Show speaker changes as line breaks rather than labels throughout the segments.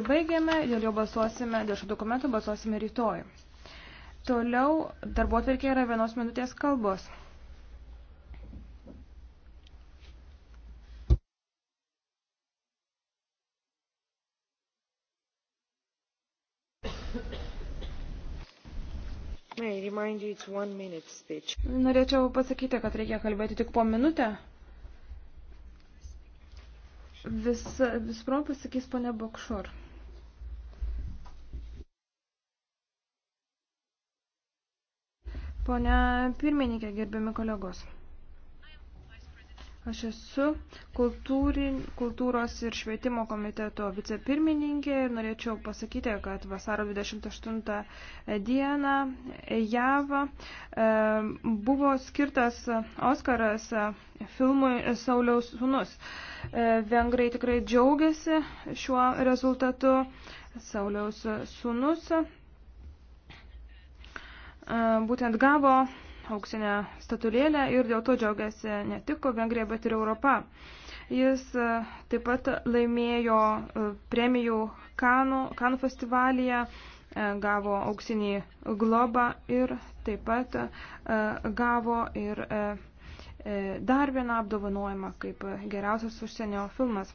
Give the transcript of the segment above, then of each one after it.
Baigiame, dėl jo balsuosime, dėl šio dokumento balsuosime rytoj. Toliau darbo atverkė yra vienos minutės kalbos. Norėčiau pasakyti, kad reikia kalbėti tik po minutę. Vis, vis pro pasakys ponia Bokšor. Pone pirmininkė, gerbiami kolegos. Aš esu kultūrin, kultūros ir švietimo komiteto vicepirmininkė ir norėčiau pasakyti, kad vasaro 28 dieną JAV e, buvo skirtas Oskaras filmui Sauliaus sunus. E, vengrai tikrai džiaugiasi šiuo rezultatu. Sauliaus sunus būtent gavo auksinę statulėlę ir dėl to džiaugiasi ne tik Vengrija, bet ir Europa. Jis taip pat laimėjo premijų Kanų, Kanų festivalyje, gavo auksinį globą ir taip pat gavo ir dar vieną apdovanojimą kaip geriausias užsienio filmas.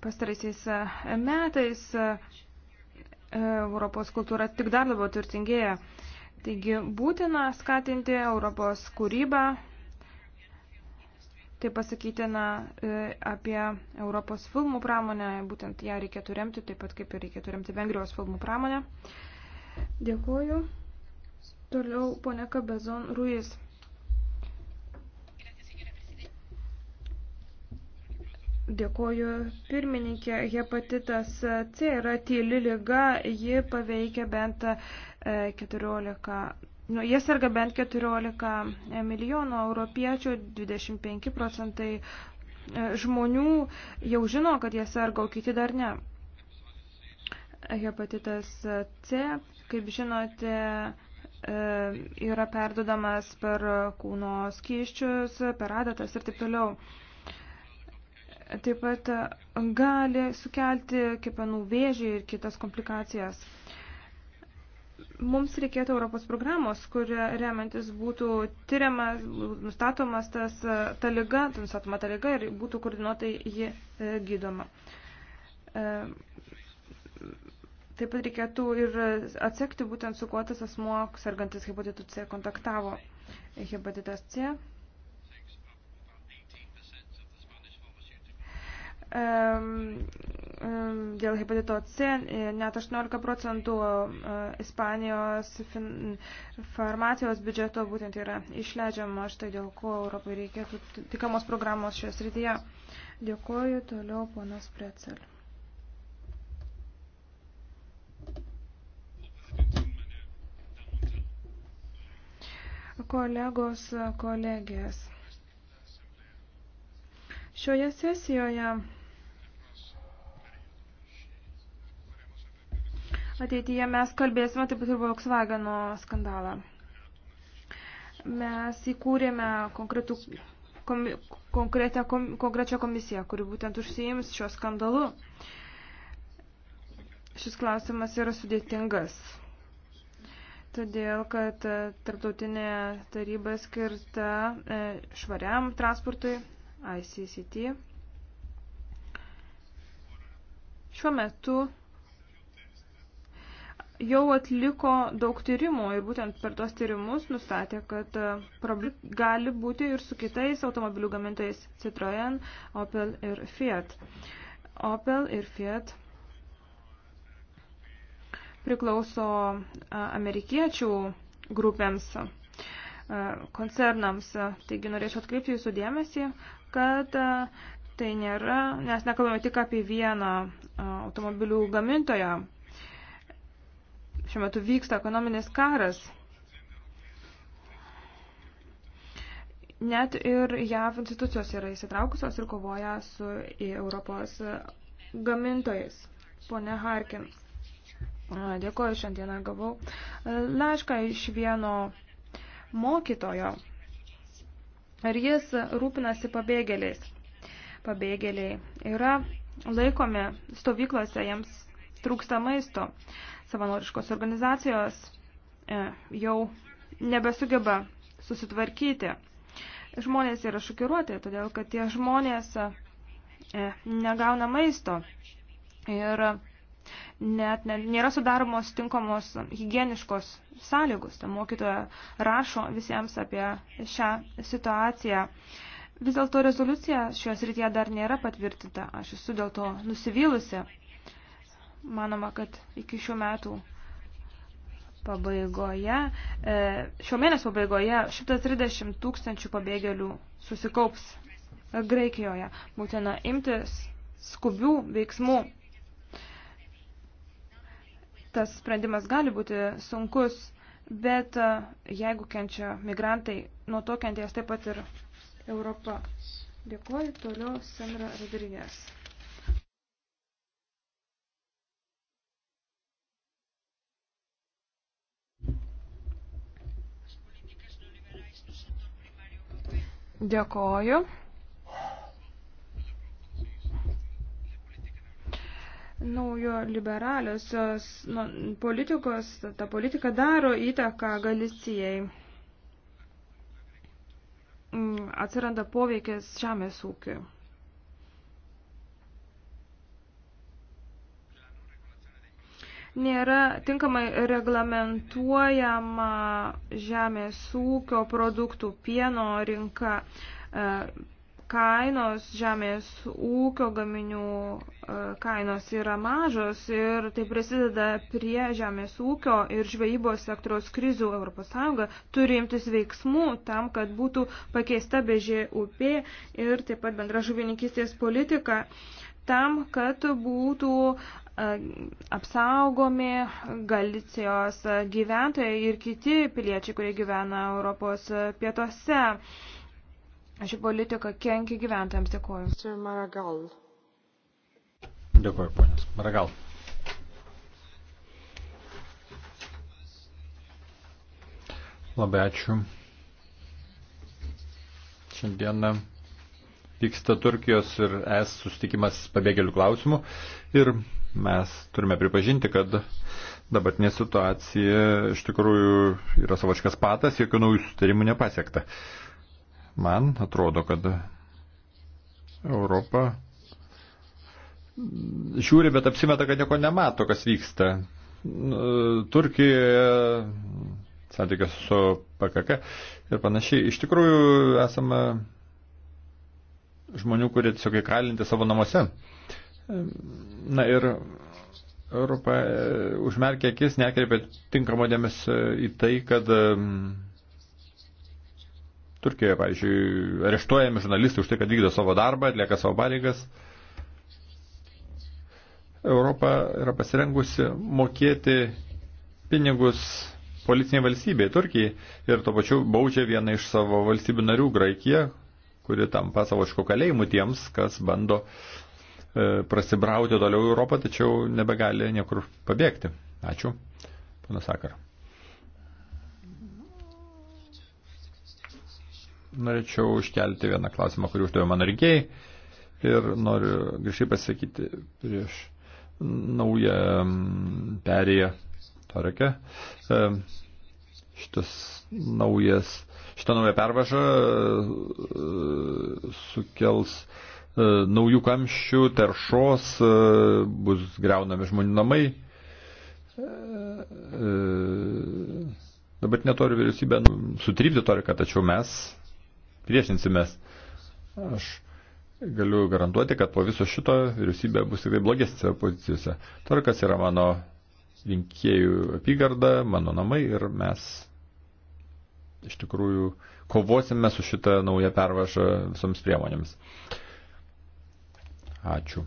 Pastaraisiais metais E, Europos kultūra tik dar labiau turtingėja. Taigi būtina skatinti Europos kūrybą, tai pasakytina e, apie Europos filmų pramonę, būtent ją reikėtų remti, taip pat kaip ir reikėtų remti Vengrijos filmų pramonę. Dėkuoju. Toliau ponia Kabezon Ruiz. Dėkuoju pirmininkė. Hepatitas C yra tyli lyga, ji paveikia bent 14. E, nu, jie serga bent 14 e, milijonų europiečių, 25 procentai e, žmonių jau žino, kad jie serga, o kiti dar ne. Hepatitas C, kaip žinote, yra perdodamas per kūno skyščius, per adatas ir taip toliau taip pat e, gali sukelti kepenų vėžį ir kitas komplikacijas. Mums reikėtų Europos programos, kuria remiantis būtų tyriamas, nustatomas tas e, ta lyga, nustatoma ta lyga ir būtų koordinuotai ji e, gydoma. Taip pat reikėtų ir atsekti būtent su kuo tas asmuo, sergantis hepatitu C, kontaktavo hepatitas C. dėl hepatito C net 18 procentų Ispanijos farmacijos biudžeto būtent yra išleidžiama, štai dėl ko Europai reikėtų tikamos programos šioje srityje. Dėkuoju, toliau ponas Precel. Kolegos, kolegės. Šioje sesijoje Ateityje mes kalbėsime taip pat ir Volkswageno skandalą. Mes įkūrėme konkretų, komi, konkretę, kom, konkrečią komisiją, kuri būtent užsiims šio skandalu. Šis klausimas yra sudėtingas todėl kad tarptautinė taryba skirta e, švariam transportui ICCT. Šiuo metu jau atliko daug tyrimų ir būtent per tos tyrimus nustatė, kad e, gali būti ir su kitais automobilių gamintojais Citroen, Opel ir Fiat. Opel ir Fiat priklauso e, amerikiečių grupėms e, koncernams. Taigi norėčiau atkreipti jūsų dėmesį, kad tai nėra, nes nekalbame tik apie vieną automobilių gamintoją, šiuo metu vyksta ekonominis karas. Net ir JAV institucijos yra įsitraukusios ir kovoja su Europos gamintojais. Pone Harkin, dėkoju, šiandieną gavau laišką iš vieno mokytojo. Ar jis rūpinasi pabėgėliais? Pabėgėliai yra laikomi stovyklose, jiems trūksta maisto savanoriškos organizacijos e, jau nebesugeba susitvarkyti. Žmonės yra šokiruoti, todėl kad tie žmonės e, negauna maisto ir net nėra sudaromos tinkamos higieniškos sąlygos. Ta mokytoja rašo visiems apie šią situaciją. Vis dėlto rezoliucija šioje srityje dar nėra patvirtinta. Aš esu dėl to nusivylusi. Manoma, kad iki šių metų pabaigoje, e, šio mėnesio pabaigoje 130 tūkstančių pabėgėlių susikaups Graikijoje. Būtina imtis skubių veiksmų. Tas sprendimas gali būti sunkus, bet e, jeigu kenčia migrantai, nuo to kenties taip pat ir Europa. Dėkuoju toliau Sandra Rodrygės. Dėkoju. Naujo liberaliosios nu, politikos, ta politika daro įtaką Galicijai. Mm, atsiranda poveikis žemės ūkiui. nėra tinkamai reglamentuojama žemės ūkio produktų pieno rinka. E, kainos žemės ūkio gaminių e, kainos yra mažos ir tai prisideda prie žemės ūkio ir žvejybos sektoriaus krizių ES turi imtis veiksmų tam, kad būtų pakeista BŽUP ir taip pat bendra žuvininkystės politika tam, kad būtų apsaugomi Galicijos gyventojai ir kiti piliečiai, kurie gyvena Europos pietuose. Ši politika kenkia gyventojams. Dėkuoju.
Dėkuoju, ponės. Maragal. Labai ačiū. Šiandieną vyksta Turkijos ir es sustikimas pabėgėlių klausimų. Ir Mes turime pripažinti, kad dabartinė situacija iš tikrųjų yra savočkas patas, jokių naujų sutarimų nepasiekta. Man atrodo, kad Europa žiūri, bet apsimeta, kad nieko nemato, kas vyksta. Nu, Turkijoje, santykios su PKK ir panašiai. Iš tikrųjų, esame žmonių, kurie tiesiog įkalinti savo namuose. Uh, Na ir Europa e, užmerkė akis, nekreipė tinkamo dėmesio į tai, kad Turkijoje, pavyzdžiui, areštuojami žurnalistai už tai, kad vykdo savo darbą, atlieka savo pareigas. Europa yra pasirengusi mokėti pinigus policinė valstybė Turkijai ir to pačiu baudžia vieną iš savo valstybių narių Graikiją, kuri tampa savoško kalėjimu tiems, kas bando uh, E, prasibrauti toliau į Europą, tačiau nebegali niekur pabėgti. Ačiū, pana Sakar. Norėčiau iškelti vieną klausimą, kurį uždavė mano rinkėjai ir noriu grįžtai pasakyti prieš naują perėją Torekę. E, šitas naujas, šitą naują pervažą e, sukels uh, E, naujų kamščių, teršos, e, bus greunami žmonių namai. E, dabar netori vyriausybė nu, sutrypti toriką, tačiau mes priešinsimės. Aš galiu garantuoti, kad po viso šito vyriausybė bus tikrai blogesnėse pozicijose. Torikas yra mano rinkėjų apygarda, mano namai ir mes iš tikrųjų kovosime su šitą naują pervažą visoms priemonėmis. Ačiū.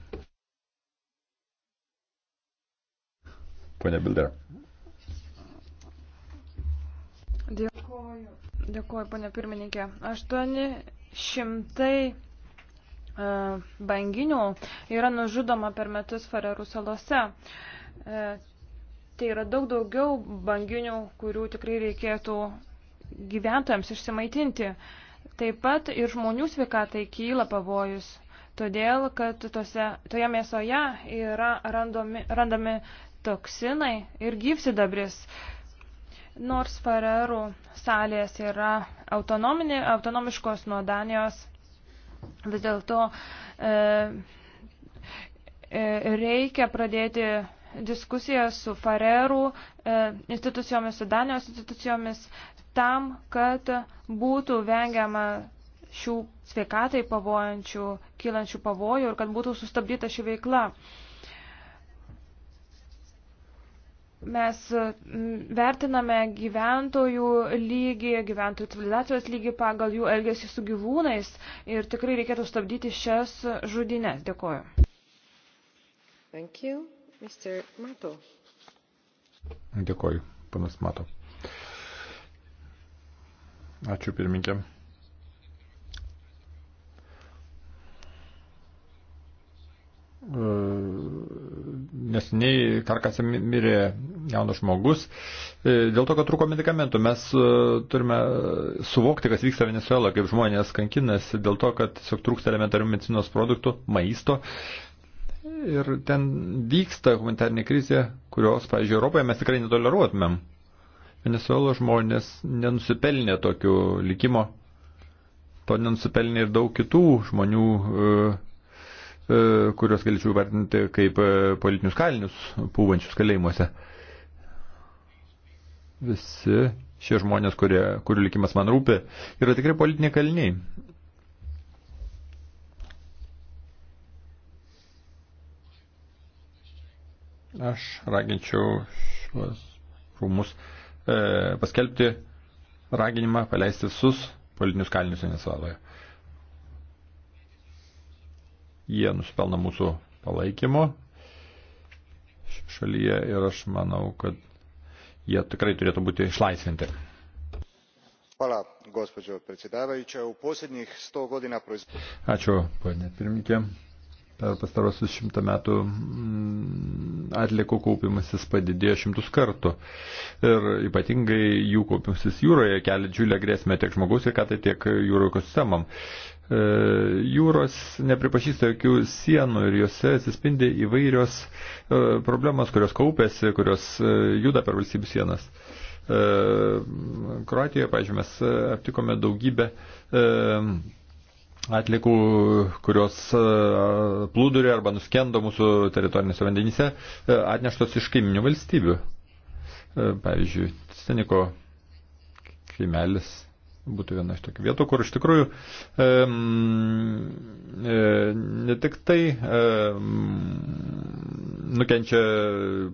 Pone Bilder.
Dėkuoju, dėkuoju, ponė pirmininkė. 800 e, banginių yra nužudoma per metus Farerų salose. E, tai yra daug daugiau banginių, kurių tikrai reikėtų gyventojams išsimaitinti. Taip pat ir žmonių sveikatai kyla pavojus todėl kad tose, toje mėsoje yra randomi, randami toksinai ir gyvsidabris. Nors Farerų salės yra autonomiškos nuo Danijos, vis dėlto e, e, reikia pradėti diskusiją su Farerų e, institucijomis, su Danijos institucijomis, tam, kad būtų vengiama šių sveikatai pavojančių, kylančių pavojų ir kad būtų sustabdyta ši veikla. Mes vertiname gyventojų lygį, gyventojų civilizacijos lygį pagal jų elgesį su gyvūnais ir tikrai reikėtų stabdyti šias žudinės. Dėkoju. Thank you. Mr. Mato.
Dėkoju, panas Mato. Ačiū pirmininkė. nesiniai karkasė mirė jaunas žmogus, e, dėl to, kad trūko medikamentų. Mes e, turime e, suvokti, kas vyksta Venezuela, kaip žmonės kankinasi, dėl to, kad tiesiog trūksta elementarių medicinos produktų, maisto. Ir ten vyksta humanitarinė krizė, kurios, pavyzdžiui, Europoje mes tikrai netoleruotumėm. Venezuelos žmonės nenusipelnė tokių likimo, to nenusipelnė ir daug kitų žmonių. E, E, kuriuos galėčiau vardinti kaip e, politinius kalinius pūvančius kalėjimuose. Visi šie žmonės, kurie, kurių likimas man rūpi, yra tikrai politiniai kaliniai. Aš raginčiau šiuos rūmus e, paskelbti raginimą paleisti visus politinius kalinius Venezueloje. Jie nusipelna mūsų palaikymo šalyje ir aš manau, kad jie tikrai turėtų būti išlaisvinti.
Hvala, gospođo predsjedavajuća. U posljednjih 100 godina
Ačiū, ponė pirmininkė. Per pastarosius šimtą metų mm, atliekų kaupimasis padidėjo šimtus kartų. Ir ypatingai jų kaupimasis jūroje kelia džiulę grėsmę tiek žmogaus sveikatai, tiek jūro ekosistemam. E, jūros nepripažįsta jokių sienų ir juose atsispindi įvairios e, problemos, kurios kaupėsi, kurios e, juda per valstybių sienas. Kroatijoje, pažiūrėjau, mes aptikome daugybę atlikų, kurios plūdurė arba nuskendo mūsų teritorinėse vandenyse, atneštos iš kaiminių valstybių. Pavyzdžiui, Steniko kaimelis būtų viena iš tokių vietų, kur iš tikrųjų e, e, ne tik tai e, nukenčia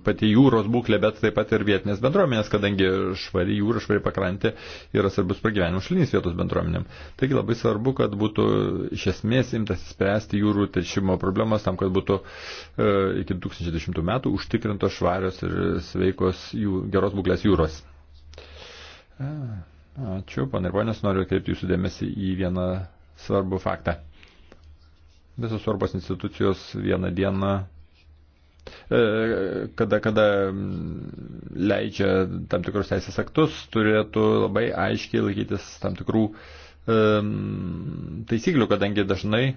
pati jūros būklė, bet taip pat ir vietinės bendruomenės, kadangi švari jūra, švari pakrantė yra svarbus pragyvenimo šalinys vietos bendruomenėm. Taigi labai svarbu, kad būtų iš esmės imtas spręsti jūrų teršimo problemas tam, kad būtų e, iki 2010 metų užtikrintos švarios ir sveikos jų, geros būklės jūros. E. Ačiū, panai ir ponės, noriu atkreipti jūsų dėmesį į vieną svarbų faktą. Visos svarbos institucijos vieną dieną, e, kada, kada leidžia tam tikrus teisės aktus, turėtų labai aiškiai laikytis tam tikrų e, taisyklių, kadangi dažnai e,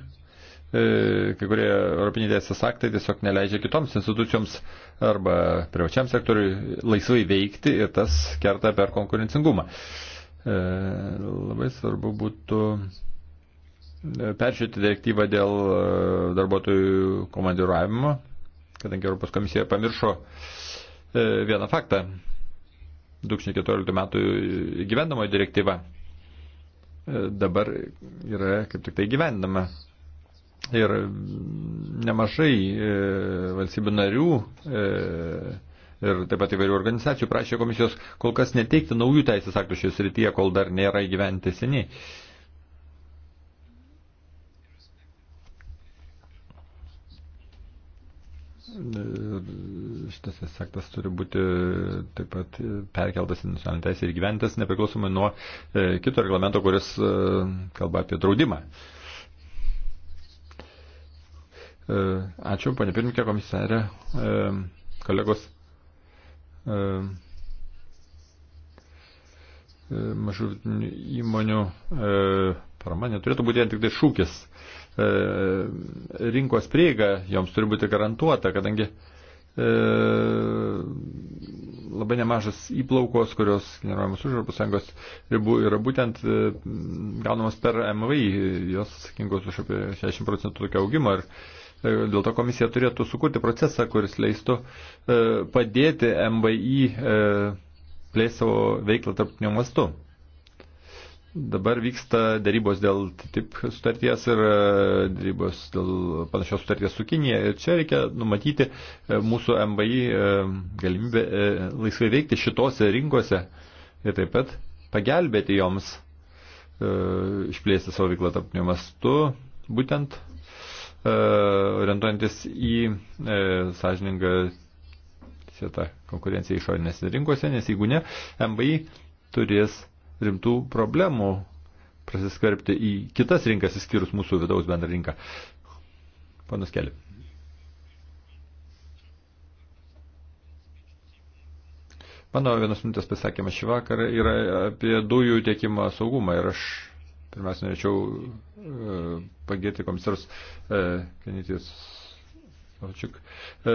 kai kurie europiniai teisės aktai tiesiog neleidžia kitoms institucijoms arba privačiam sektoriui laisvai veikti ir tas kerta per konkurencingumą. E, labai svarbu būtų e, peržiūrėti direktyvą dėl e, darbuotojų komandiravimo, kadangi Europos komisija pamiršo vieną faktą. 2014 metų gyvenamo direktyva dabar yra kaip tik tai gyvendama. Ir nemažai valstybių narių ir taip pat įvairių organizacijų prašė komisijos kol kas neteikti naujų teisės aktų šioje srityje, kol dar nėra įgyventi seniai. Šitas aktas turi būti taip pat perkeltas į nacionalinę teisę ir gyventas nepriklausomai nuo e, kito reglamento, kuris e, kalba apie draudimą. E, ačiū, panė pirmininkė komisarė, e, kolegos. E, e, mažų įmonių e, parama neturėtų būti tik tai šūkis. Rinkos prieiga joms turi būti garantuota, kadangi labai nemažas įplaukos, kurios generuojamos už Europos Sąjungos ribų yra būtent gaunamos per MVI, jos sakingos už apie 60 procentų tokio augimo ir E, dėl to komisija turėtų sukurti procesą, kuris leistų e, padėti MVI e, plės savo veiklą tarptinio mastu. Dabar vyksta darybos dėl TTIP sutarties ir darybos dėl panašios sutarties su Kinija. Ir čia reikia numatyti mūsų MVI galimybę laisvai veikti šitose rinkose ir taip pat pagelbėti joms išplėsti savo veiklą tarptinio mastu, būtent E, orientuojantis į e, sąžiningą šitą konkurenciją išorinėse rinkose, nes jeigu ne, MBI turės rimtų problemų prasiskarbti į kitas rinkas, įskyrus mūsų vidaus bendrą rinką. Panas Keli. Mano vienas minutės pasakymas šį vakarą yra apie dujų tiekimo saugumą ir aš Pirmiausia, norėčiau e, pagėti komisarus e, Kenytis Valčiuk e,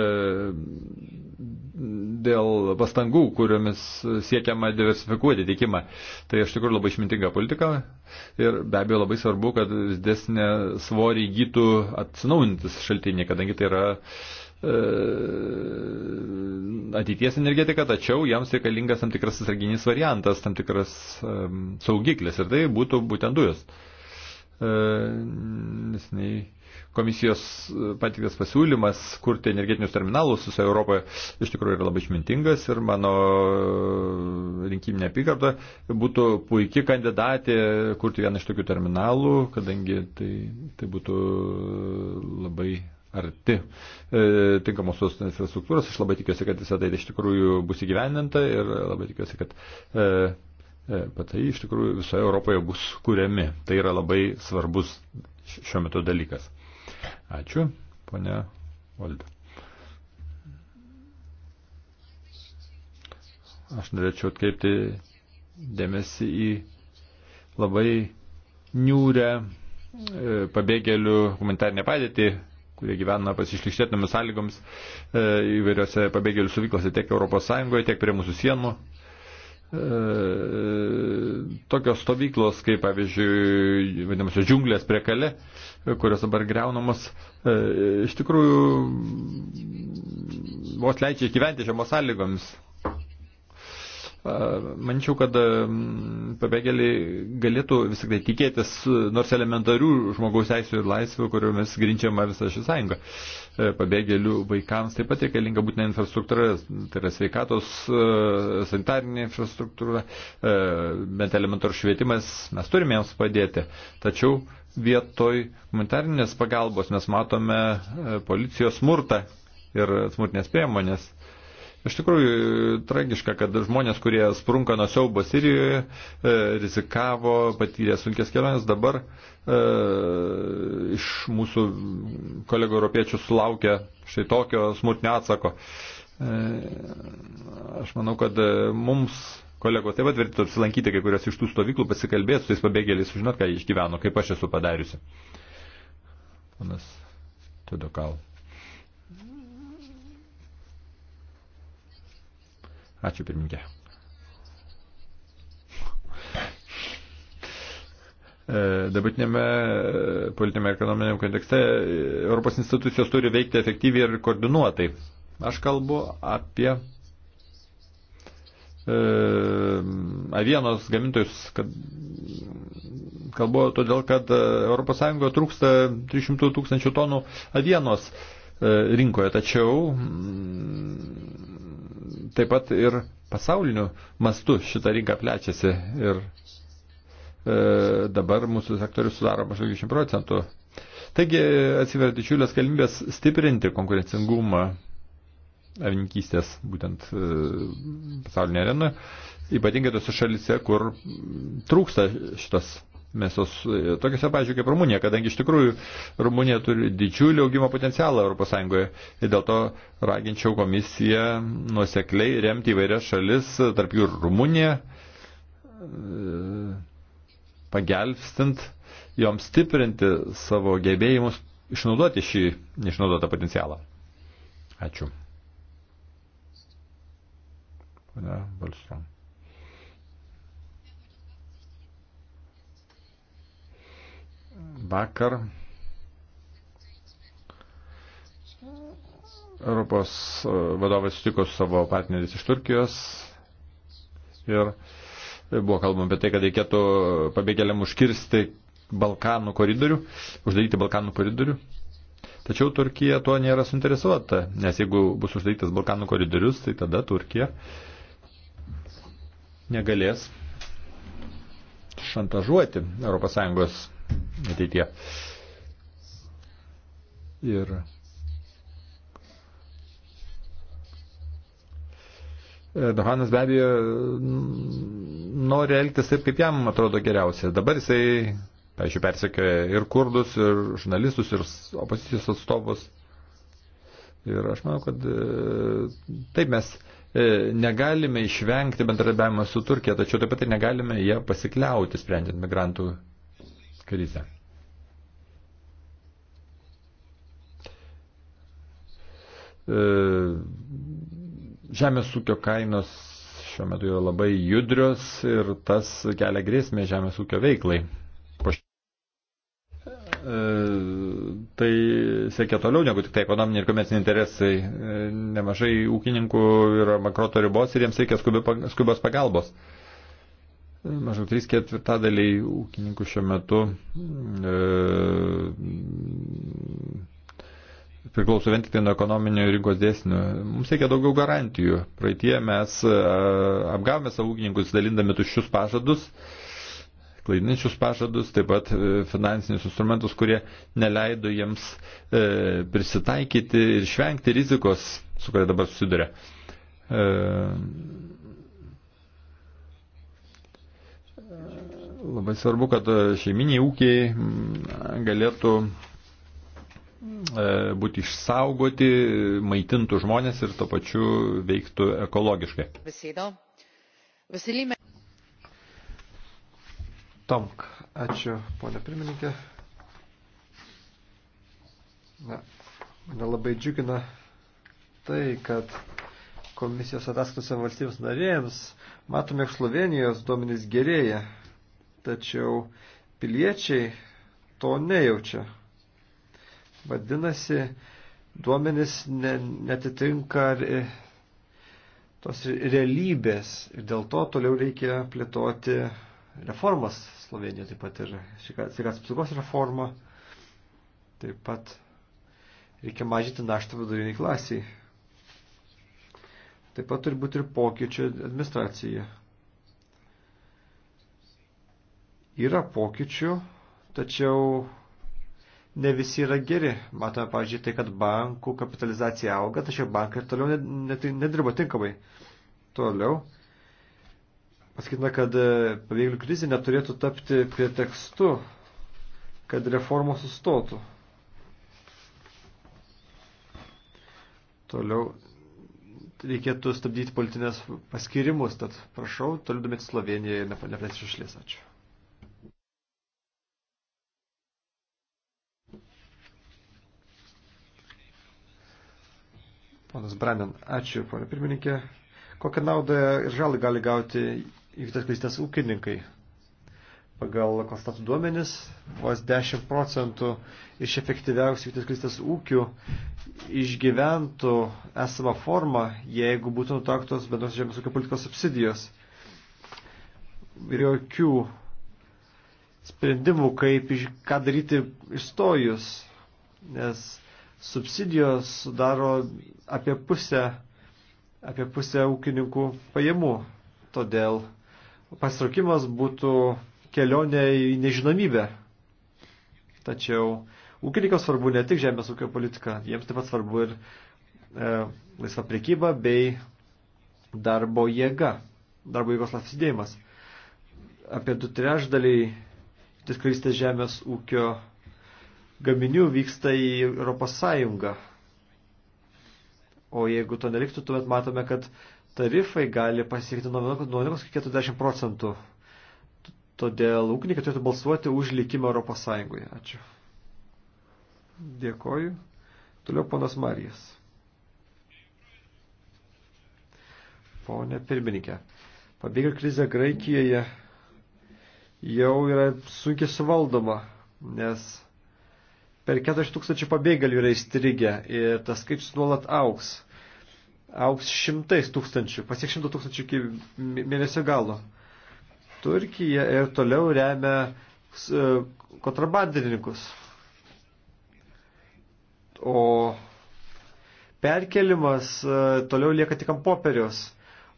dėl pastangų, kuriomis siekiama diversifikuoti tiekimą. Tai iš tikrųjų labai išmintinga politika ir be abejo labai svarbu, kad vis desnė svorį įgytų atsinaujantis šaltiniai, kadangi tai yra uh, E, ateities energetiką, tačiau jiems reikalingas tam tikras atsarginis variantas, tam tikras e, saugiklis ir tai būtų būtent dujos. E, Nesiniai komisijos patiktas pasiūlymas kurti energetinius terminalus visoje Europoje iš tikrųjų yra labai išmintingas ir mano rinkiminė apygarda būtų puikia kandidatė kurti vieną iš tokių terminalų, kadangi tai, tai būtų labai arti e, tinkamos sostinės infrastruktūros. Aš labai tikiuosi, kad visą tai iš tikrųjų bus įgyvendinta ir labai tikiuosi, kad e, e, patai iš tikrųjų visoje Europoje bus kuriami. Tai yra labai svarbus šiuo metu dalykas. Ačiū, ponia Valda. Aš norėčiau atkreipti dėmesį į labai niūrę e, pabėgėlių humanitarnę padėtį kurie gyvena pasišlikštėtinomis sąlygomis e, įvairiose pabėgėlių suvyklose tiek ES, tiek prie mūsų sienų. E, tokios stovyklos, kaip pavyzdžiui, vadinamosios džiunglės prie kale, kurios dabar greunamos, e, iš tikrųjų vos leidžia gyventi žiemos sąlygomis. Mančiau, kad pabėgėliai galėtų vis tik tai tikėtis nors elementarių žmogaus teisų ir laisvių, kuriomis grinčiama visa ši sąjunga. E, pabėgėlių vaikams taip pat reikalinga būtina infrastruktūra, tai yra sveikatos, e, sanitarinė infrastruktūra, e, bent elementarų švietimas, mes turime jiems padėti. Tačiau vietoj humanitarinės pagalbos mes matome policijos smurtą ir smurtinės priemonės. Iš tikrųjų, tragiška, kad žmonės, kurie sprunka nuo siaubo Sirijoje, e, rizikavo, patyrė sunkės kelionės, dabar e, iš mūsų kolegų europiečių sulaukia štai tokio smurtinio atsako. E, aš manau, kad e, mums kolego taip pat vertėtų apsilankyti kai kurias iš tų stovyklų, pasikalbėti su tais pabėgėliais, sužinot, ką jie išgyveno, kaip aš esu padariusi. Panas Tudokal. Ačiū pirmininkė. E, Dabartinėme e, politinėme ir ekonominėme kontekste e, Europos institucijos turi veikti efektyviai ir koordinuotai. Aš kalbu apie e, avienos gamintojus. Kad, kalbu todėl, kad ES trūksta 300 tūkstančių tonų avienos rinkoje. Tačiau taip pat ir pasauliniu mastu šita rinka plečiasi ir e, dabar mūsų sektorius sudaro maždaug 20 procentų. Taigi atsiveria didžiulės galimybės stiprinti konkurencingumą avininkystės būtent e, pasaulinė arena, ypatingai tose šalise, kur trūksta šitas mėsos, e, tokiuose, pažiūrėjau, kaip Rumunija, kadangi iš tikrųjų Rumunija turi didžiulį augimo potencialą ES ir dėl to raginčiau komisiją nuosekliai remti įvairias šalis, tarp jų ir Rumuniją, e, pagelbstint, joms stiprinti savo gebėjimus išnaudoti šį neišnaudotą potencialą. Ačiū. Pane Balstrom. Vakar Europos e, vadovai sutiko su savo partneriais iš Turkijos ir buvo kalbama apie tai, kad reikėtų pabėgėliam užkirsti Balkanų koridorių, uždaryti Balkanų koridorių. Tačiau Turkija tuo nėra suinteresuota, nes jeigu bus uždarytas Balkanų koridorius, tai tada Turkija negalės šantažuoti ES ateitie. Ir Dohanas be abejo mm, nori elgtis taip, kaip jam atrodo geriausia. Dabar jisai, paaiškiai, persekioja ir kurdus, ir žurnalistus, ir opozicijos atstovus. Ir aš manau, kad e, taip mes e, negalime išvengti bendradarbiavimą su Turkija, tačiau taip pat ir negalime ją pasikliauti, sprendžiant migrantų krizę. E, žemės ūkio kainos šiuo metu yra labai judrios ir tas kelia grėsmė žemės ūkio veiklai. Poš... E, tai siekia toliau negu tik tai ekonominiai ir komerciniai interesai. E, nemažai ūkininkų yra makroto ribos ir jiems reikia skubios pagalbos. E, maždaug 3 ketvirtadaliai ūkininkų šiuo metu e, priklauso vien tik tai nuo ekonominio rinkos dėsnių. Mums reikia daugiau garantijų. Praeitie mes apgavome savo ūkininkus, dalindami tuščius pažadus, klaidinčius pažadus, taip pat e, finansinius instrumentus, kurie neleido jiems e, prisitaikyti ir išvengti rizikos, su kuria dabar susiduria. E, labai svarbu, kad šeiminiai ūkiai galėtų E, būti išsaugoti, maitintų žmonės ir to pačiu veiktų ekologiškai.
Veselime. Tomk, ačiū, ponė pirmininkė. Na, mane labai džiugina tai, kad komisijos ataskaitose valstybės narėjams matome, jog Slovenijos duomenys gerėja, tačiau piliečiai to nejaučia. Vadinasi, duomenys netitinka tos realybės ir dėl to toliau reikia plėtoti reformas Slovenijoje, taip pat ir sveikatos apsaugos reforma, taip pat reikia mažinti naštą viduriniai klasiai. Taip pat turi būti ir pokyčių administracija. Yra pokyčių, tačiau ne visi yra geri. Matome, pavyzdžiui, tai, kad bankų kapitalizacija auga, tačiau bankai ir toliau nedirbo tinkamai. Toliau. Pasakytume, kad e, pavėglių krizė neturėtų tapti pretekstu, kad reformos sustotų. Toliau reikėtų stabdyti politinės paskirimus, tad prašau, toliau domėtis Slovenijoje ir nepalėpėtis šalies. Ačiū. Ponas Brandon, ačiū, ponė pirmininkė. Kokią naudą ir žalą gali gauti įvytas klystės ūkininkai? Pagal konstatų duomenis, vos 10 procentų iš efektyviausių įvytas klystės ūkių išgyventų esamą formą, jeigu būtų nutaktos bendros žemės ūkio politikos subsidijos. Ir jokių sprendimų, kaip, ką daryti išstojus, nes subsidijos sudaro apie pusę, apie pusę ūkininkų pajamų. Todėl pasitraukimas būtų kelionė į nežinomybę. Tačiau ūkininkams svarbu ne tik žemės ūkio politika, jiems taip pat svarbu ir e, laisva priekyba bei darbo jėga, darbo jėgos laisvas judėjimas. Apie du trešdaliai tis karalystės žemės ūkio gaminių vyksta į Europos Sąjungą. O jeigu to neliktų, tuomet matome, kad tarifai gali pasiekti nuo 11 iki 40 procentų. Todėl ūkininkai turėtų balsuoti už likimą Europos Sąjungoje. Ačiū. Dėkoju. Toliau ponas Marijas. Pone pirmininkė, pabėgėlių krizė Graikijoje jau yra sunkiai suvaldoma, nes Per 40 tūkstančių pabėgalių yra įstrigę ir tas skaičius nuolat auks. Auks šimtais tūkstančių, pasiek šimtų tūkstančių iki mėnesio galo. Turkija ir toliau remia e, kontrabandininkus. O perkelimas e, toliau lieka tik ant popieriaus.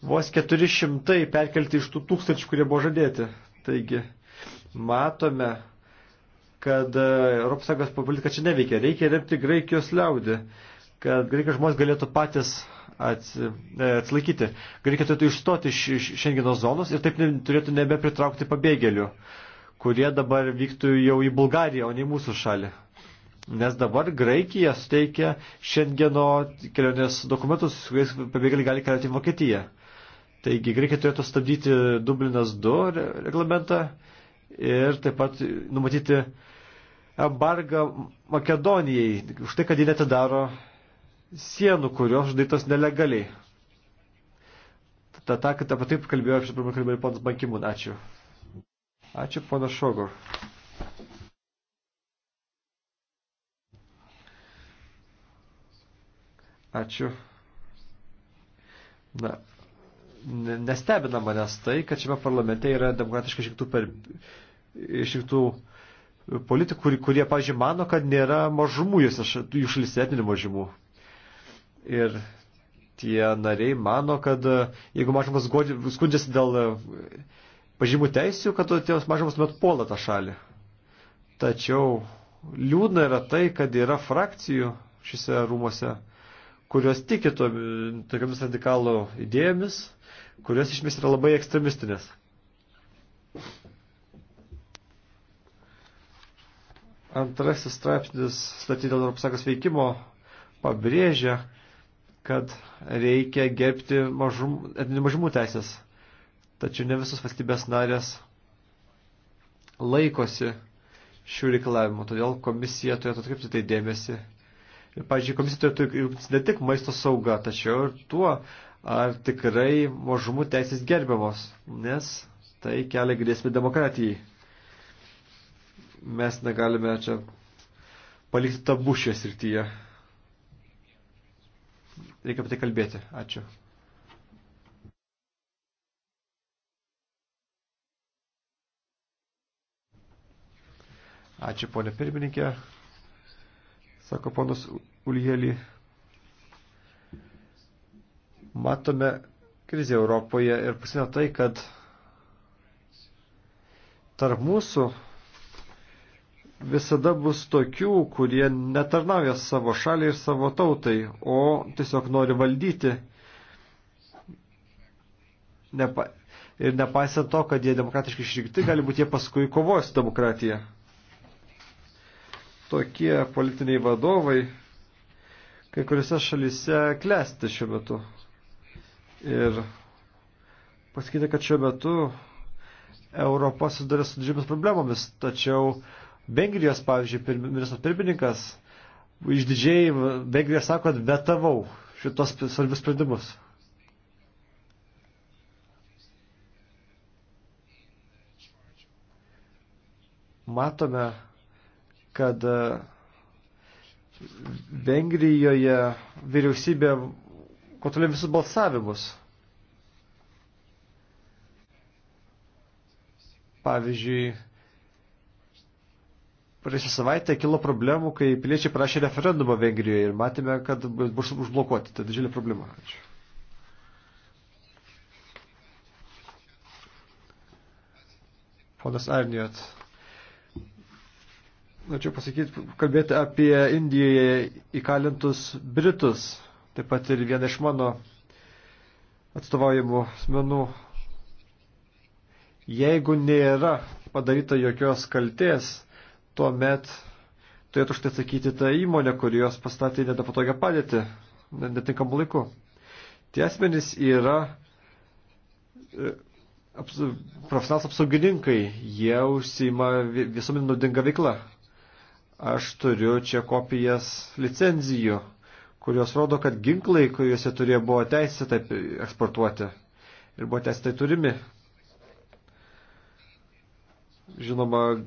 Vos 400 perkelti iš tų tūkstančių, kurie buvo žadėti. Taigi, matome, kad ES politika čia neveikia. Reikia remti Graikijos liaudį, kad Graikijos žmonės galėtų patys e, atsilaikyti. Graikija turėtų išstoti iš, iš Šengeno zonos ir taip ne, turėtų nebepritraukti pabėgėlių, kurie dabar vyktų jau į Bulgariją, o ne į mūsų šalį. Nes dabar Graikija suteikia Šengeno kelionės dokumentus, su kuriais pabėgėliai gali keliauti į Vokietiją. Taigi Graikija turėtų stabdyti Dublinas 2 reglamentą ir taip pat numatyti embargą Makedonijai už tai, kad ji netidaro sienų, kurios uždarytos nelegaliai. Ta, ta, kad apie taip kalbėjo, aš pirmą kalbėjau ponas Bankimun. Ačiū. Ačiū, ponas Šogor. Ačiū. Na, nestebina manęs tai, kad šiame parlamente yra demokratiškai išrinktų per išrinktų uh, politikų, kurie, pažiūrėjau, mano, kad nėra mažumų jų šalyse etninių mažumų. Ir tie nariai mano, kad e, jeigu mažumas skundžiasi dėl e, pažymų teisių, kad tie mažumas met puola tą šalį. Tačiau liūdna yra tai, kad yra frakcijų šiuose rūmose, kurios tiki to, tokiamis radikalų idėjomis, kurios iš mes yra labai ekstremistinės. Antrasis straipsnis statyti dėl Europos Sąjungos veikimo pabrėžia, kad reikia gerbti mažum, etninių mažumų teisės. Tačiau ne visos valstybės narės laikosi šių reikalavimų, todėl komisija turėtų atkreipti tai dėmesį. Ir, pavyzdžiui, komisija turėtų rūpintis ne tik maisto sauga, tačiau ir tuo, ar tikrai mažumų teisės gerbiamos, nes tai kelia grėsmę demokratijai mes negalime čia palikti tabu šią srityje. Reikia apie tai kalbėti. Ačiū. Ačiū, ponė pirmininkė. Sako ponas Uljėlį. Matome krizę Europoje ir pasina tai, kad tarp mūsų visada bus tokių, kurie netarnauja savo šaliai ir savo tautai, o tiesiog nori valdyti. Nepa ir nepaisant to, kad jie demokratiškai išrinkti, gali būti jie paskui kovos demokratiją. Tokie politiniai vadovai kai kuriuose šalyse klesti šiuo metu. Ir pasakyti, kad šiuo metu Europa sudarė su didžiulėmis problemomis, tačiau Vengrijos, pavyzdžiui, pir, ministras pirmininkas išdidžiai Vengrija sako, kad vetavau šitos svarbius sprendimus. Matome, kad e, Vengrijoje vyriausybė kontroliuoja visus balsavimus. Pavyzdžiui, praėjusią savaitę kilo problemų, kai piliečiai prašė referendumą Vengrijoje ir matėme, kad bus užblokuoti. Tai didžiulė problema. Ačiū. Ponas Arnijot. Norėčiau pasakyti, kalbėti apie Indijoje įkalintus Britus, taip pat ir vieną iš mano atstovaujamų asmenų. Jeigu nėra padaryta jokios kalties, tuomet turėtų už tai atsakyti ta įmonė, kuri jos pastatė į nepatogią padėtį, netinkamų laikų. Tie asmenys yra e, aps, profesionals apsaugininkai, jie užsima visuomenį naudingą veiklą. Aš turiu čia kopijas licenzijų, kurios rodo, kad ginklai, kuriuose turėjo, buvo teisė taip eksportuoti ir buvo teisė tai turimi. Žinoma,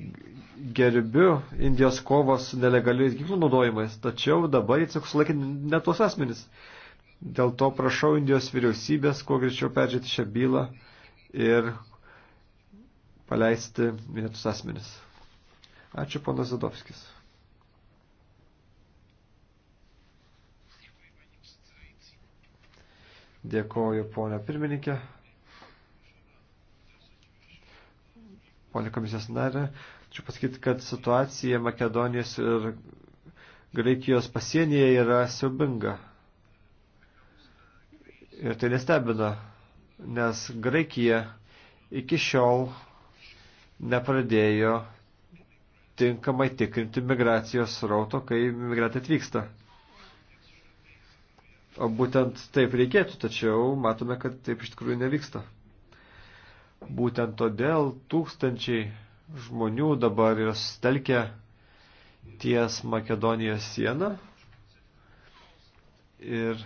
gerbiu Indijos kovos su nelegaliais ginklų naudojimais, tačiau dabar jis sulaikė ne tuos asmenis. Dėl to prašau Indijos vyriausybės kuo greičiau peržiūrėti šią bylą ir paleisti minėtus asmenis. Ačiū, ponas Zadovskis. Dėkoju, ponia pirmininkė. ponė komisijos narė, čia pasakyti, kad situacija Makedonijos ir Graikijos pasienyje yra siubinga. Ir tai nestebina, nes Graikija iki šiol nepradėjo tinkamai tikrinti migracijos rauto, kai migrantai atvyksta. O būtent taip reikėtų, tačiau matome, kad taip iš tikrųjų nevyksta. Būtent todėl tūkstančiai žmonių dabar yra sustelkę ties Makedonijos sieną ir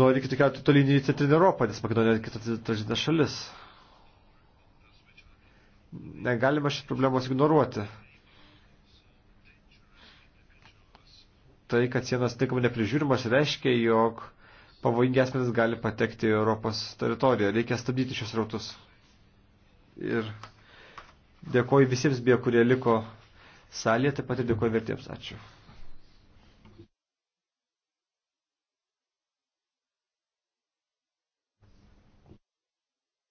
nori kritikuoti tolinį į Centrinę Europą, nes Makedonija yra kita tražinė šalis. Negalima šis problemos ignoruoti. Tai, kad sienas tinkamai neprižiūrimas, reiškia, jog pavojingi asmenys gali patekti į Europos teritoriją. Reikia stabdyti šios rautus. Ir dėkoju visiems bie, kurie liko salėje, taip pat ir dėkoju vertėms. Ačiū.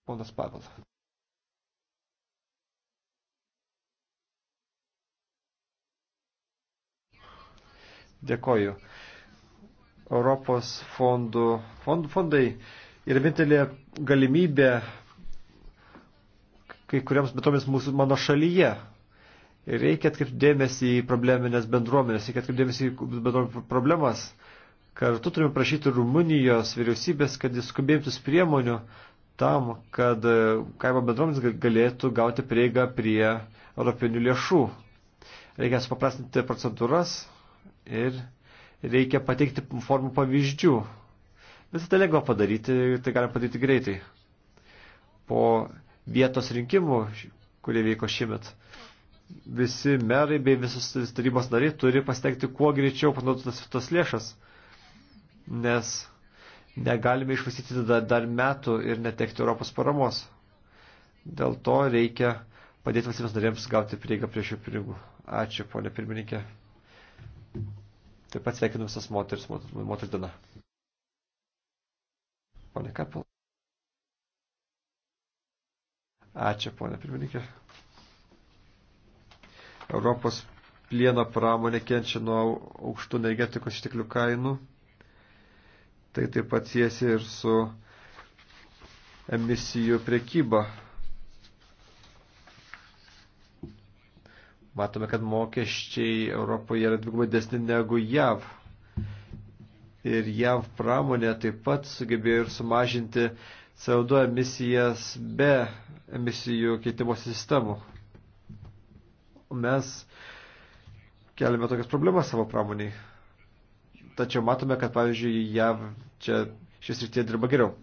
Ponas Pavel. Dėkoju. Europos fondų, fond, fondai yra vienintelė galimybė kai kuriams betomis mūsų mano šalyje. Ir reikia atkreipti dėmesį į probleminės bendruomenės, reikia atkreipti dėmesį į bendruomenės problemas. Kartu turime prašyti Rumunijos vyriausybės, kad jis skubėtų priemonių tam, kad e, kaimo bendruomenės galėtų gauti prieigą prie europinių lėšų. Reikia supaprastinti procedūras ir reikia pateikti formų pavyzdžių. Visą tai lengva padaryti ir tai galima padaryti greitai. Po vietos rinkimų, kurie vyko šimet, visi merai bei visos tarybos nariai turi pasitekti kuo greičiau panaudotas tas lėšas, nes negalime išvasyti dar, dar metų ir netekti Europos paramos. Dėl to reikia padėti valstybės narėms gauti prieigą prie šių pinigų. Ačiū, ponė pirmininkė. Taip pat sveikinu visas moteris, moteris diena. Pone Kapel. Ačiū, ponė pirmininkė. Europos plieno pramonė kenčia nuo aukštų energetikos išteklių kainų. Tai taip pat siesi ir su emisijų priekyba Matome, kad mokesčiai Europoje yra dvigubai desni negu JAV. Ir JAV pramonė taip pat sugebėjo ir sumažinti CO2 emisijas be emisijų keitimo sistemų. Mes keliame tokias problemas savo pramoniai. Tačiau matome, kad pavyzdžiui, JAV čia šis rytie dirba geriau.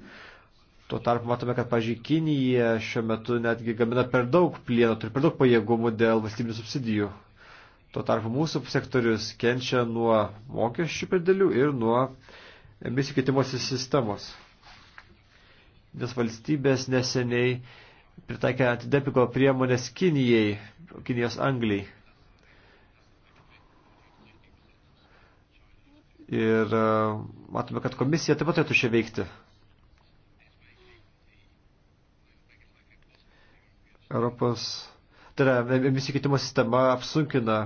Tuo tarpu matome, kad, pažiūrėjau, Kinija šiuo metu netgi gamina per daug plieno, turi per daug pajėgumų dėl valstybinių subsidijų. Tuo tarpu mūsų sektorius kenčia nuo mokesčių perdėlių ir nuo emisijų keitimosi sistemos. Nes valstybės neseniai pritaikė antidepiko priemonės Kinijai, Kinijos Anglijai. Ir e, matome, kad komisija taip pat turėtų čia veikti. Europos, tai yra, emisijų keitimo sistema apsunkina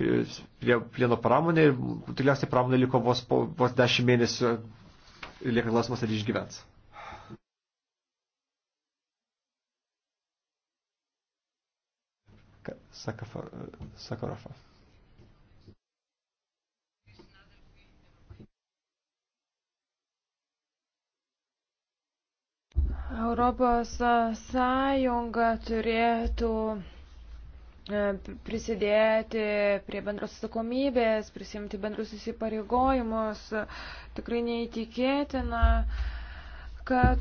prie plieno pramonė ir tikriausiai pramonė liko vos, po, vos 10 mėnesių ir lieka klausimas, ar išgyvens. Sakarova.
Europos Sąjunga turėtų e, prisidėti prie bendros atsakomybės, prisimti bendrus įsipareigojimus. Tikrai neįtikėtina kad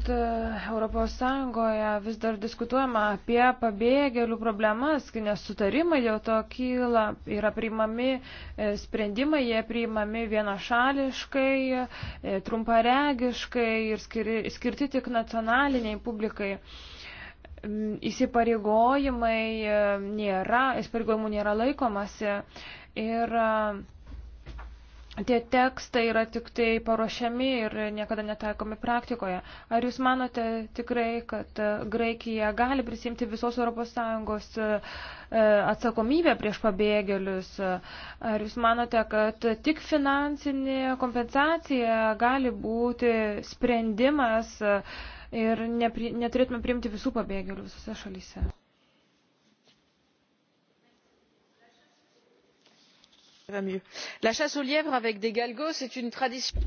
ES vis dar diskutuojama apie pabėgėlių problemas, kai nesutarimai dėl to kyla, yra priimami e, sprendimai, jie priimami vienašališkai, e, trumparegiškai ir skiri, skirti tik nacionaliniai publikai. Įsipareigojimai e, nėra, įsipareigojimų nėra laikomasi ir tie tekstai yra tik tai paruošiami ir niekada netaikomi praktikoje. Ar jūs manote tikrai, kad e, Graikija gali prisimti visos ES e, e, atsakomybę prieš pabėgėlius? Ar jūs manote, kad tik finansinė kompensacija gali būti sprendimas ir nepri, neturėtume priimti visų pabėgėlių visose šalyse? La chasse aux lièvres avec des galgos, c'est une tradition.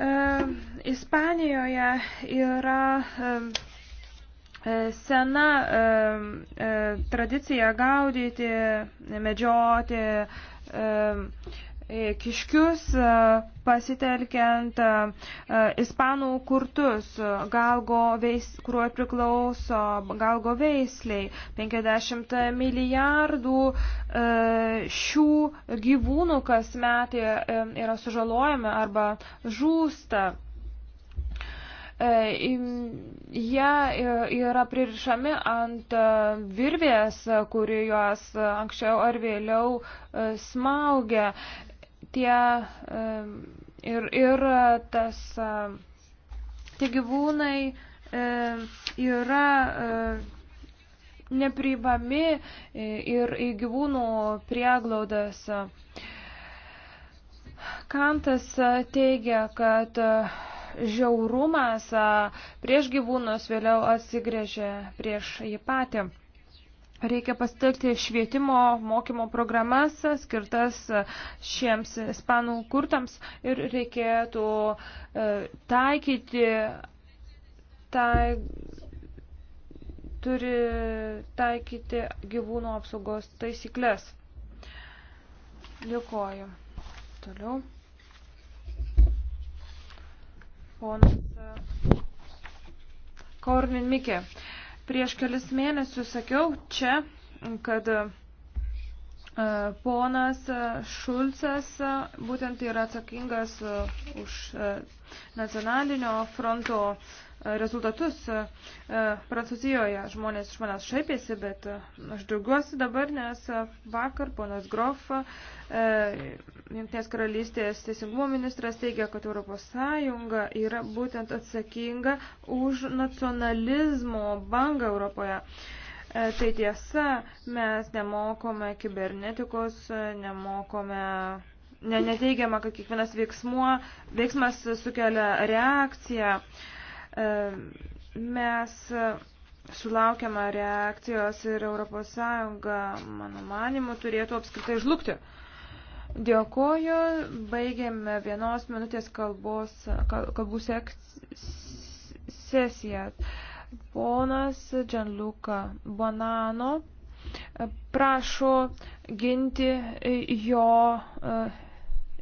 Uh, Ispanijoje yra uh, sena e, tradicija gaudyti, medžioti, e, E, kiškius e, pasitelkiant e, ispanų kurtus, galgo veis, kuriuo priklauso galgo veisliai. 50 milijardų šių gyvūnų kasmet yra sužalojami arba žūsta jie yra pririšami ant virvės, kuri juos anksčiau ar vėliau smaugia tie ir, ir e, tas e, tie gyvūnai e, yra nepriimami ir į gyvūnų prieglaudas. Kantas teigia, kad žiaurumas prieš gyvūnus vėliau atsigrėžė prieš jį patį. Reikia pasitelkti švietimo mokymo programas skirtas šiems ispanų kurtams ir reikėtų e, taikyti, tai, turi taikyti gyvūnų apsaugos taisyklės. Dėkoju. Toliau. Ponas e, Korvin Mikė. Uh, Prieš kelis mėnesius sakiau čia, kad E, ponas e, Šulcas e, būtent yra atsakingas už nacionalinio fronto rezultatus Prancūzijoje. Žmonės iš manęs šaipėsi, bet aš džiaugiuosi dabar, nes vakar ponas Grof, Junktinės karalystės teisingumo ministras, teigia, kad Europos Sąjunga yra būtent atsakinga už nacionalizmo bangą Europoje. E, tai tiesa, mes nemokome kibernetikos, e, nemokome, ne, neteigiama, kad kiekvienas veiksmuo, veiksmas sukelia reakciją. E, mes sulaukiama reakcijos ir ES, mano manimu, turėtų apskritai žlugti. Dėkoju, baigėme vienos minutės kalbos, kalbų sesiją. Ponas Gianluca Bonano e, prašo ginti e, jo e,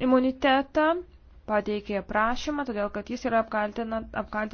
imunitetą, pateikė prašymą, todėl kad jis yra apkaltinamas.